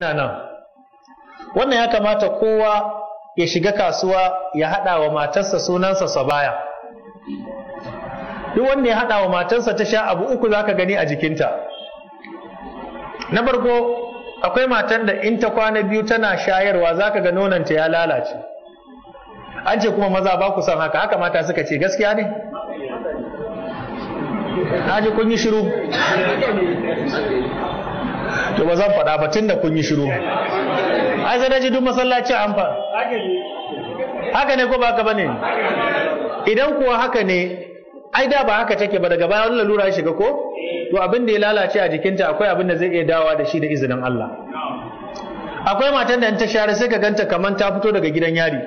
nan wannan ya kamata kowa ya shiga kasuwa ya haɗa wa matarsa sunansa sa baya. duk wanda ya haɗa wa matarsa ta sha abu uku za ka gani a jikinta na farko akwai matar da in ta kwana biyu tana shayarwa za ka ga nonanta ya lalace an ce kuma maza ba ku san haka haka mata suka ce gaskiya ne Haji kun yi shiru to ba zan faɗa ba tunda kun yi shiru ai sai ji duk masallaci an fa haka ne ko ba haka bane idan kuwa haka ne ai da ba haka take ba daga bayan lalura ya shiga ko to abin da ya lalace a jikinta akwai abin da zai iya dawa da shi da izinin Allah akwai matan da in ta share sai ka ganta kaman ta fito daga gidan yari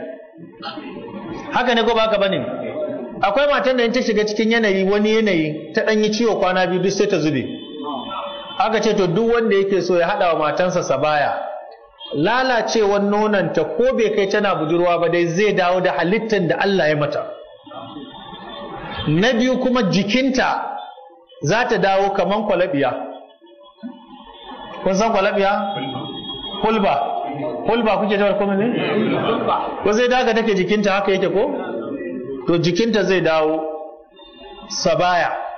haka ne ko ba haka bane akwai matan da in ta shiga cikin yanayi wani yanayi ta ɗan yi ciwo kwana biyu duk sai ta zube aka ce to duk wanda yake so ya haɗa wa matansa sabaya lalacewar nonanta ko bai kai tana budurwa ba dai zai dawo da halittar da Allah ya mata na biyu kuma jikinta za ta dawo kaman kwalabiya kun san kwalabiya hulba hulba kuke jawar kuma ne ko zai daga take jikinta haka yake ko to jikinta zai dawo sabaya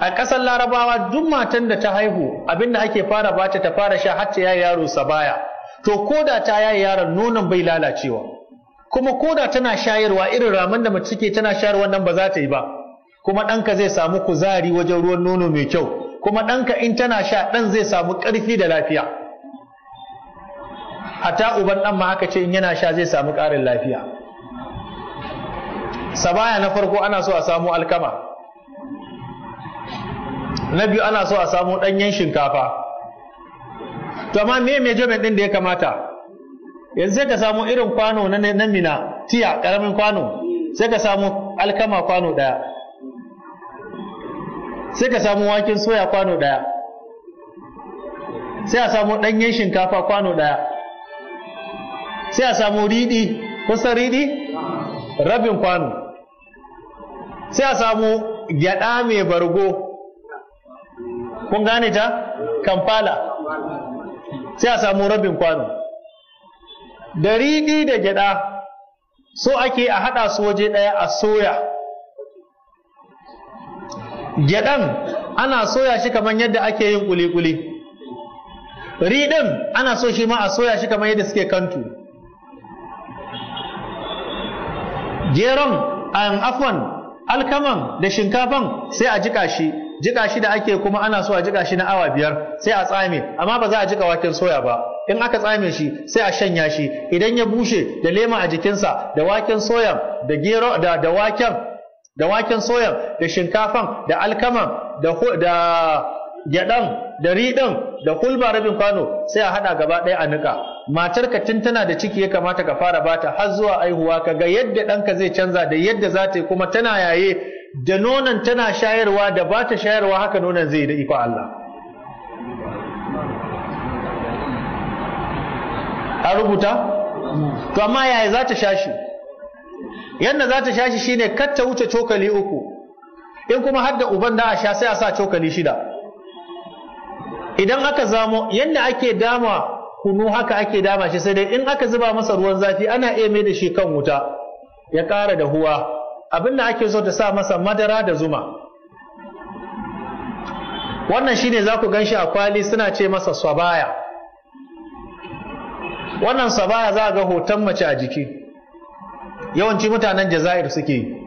a ƙasar larabawa duk matan da ta haihu abinda ake fara bata ta fara sha har ta yayi yaro sa baya to koda ta yayi yaron nonon bai lalacewa kuma koda tana shayarwa irin raman da mace take tana shayarwa nan ba za ta yi ba kuma ɗanka zai samu kuzari wajen ruwan nono mai kyau kuma ɗanka in tana sha ɗan zai samu ƙarfi da lafiya hatta uban ɗan ma aka ce in yana sha zai samu ƙarin lafiya sabaya na farko ana so a samu alkama na biyu ana so a samu ɗanyen shinkafa to amma me measurement ɗin da ya kamata yanzu sai ka samu irin kwano na na mina tiya ƙaramin kwano sai ka samu alkama kwano ɗaya sai ka samu waken soya kwano ɗaya sai a samu ɗanyen shinkafa kwano ɗaya sai a samu riɗi kusan riɗi rabin kwano sai a samu gyaɗa mai bargo kun gane ta kamfala sai a samu rabin kwano da riɗi da gyaɗa so ake a haɗa su waje ɗaya a soya gyaɗan ana soya shi kamar yadda ake yin kuli-kuli riɗin ana so shi ma a soya shi kamar yadda suke kantu geron um, afwan alkaman da shinkafan sai a jika shi jika shi da ake kuma ana so a jika shi na awa biyar sai a tsame amma ba za a jika waken soya ba in aka tsame shi sai a shanya shi idan ya bushe da lema a jikinsa da waken soyan da gero da da waken da waken soyan da shinkafan da alkama da da gyaɗan da riɗin da kulba rabin kwano sai a haɗa gaba ɗaya a niƙa matarka tun tana da ciki ya kamata ka fara bata har zuwa aihuwa ka ga yadda ɗanka zai canza da yadda za ta yi kuma tana yaye da nonon tana shayarwa da ba ta shayarwa haka nonon zai da iko Allah a rubuta to amma yaya za ta sha yadda za ta sha shi shine kar ta wuce cokali uku in kuma har uban da a sha sai a sa cokali shida idan aka zamo yadda ake dama kunu haka ake dama shi sai dai in aka zuba masa ruwan zafi ana iya mai da shi kan wuta ya ƙara da huwa abin da ake so ta sa masa madara da zuma wannan shi ne za ku gan shi a kwali suna ce masa swabaya wannan Sabaya za a ga hoton mace a jiki yawanci mutanen jazair suke yi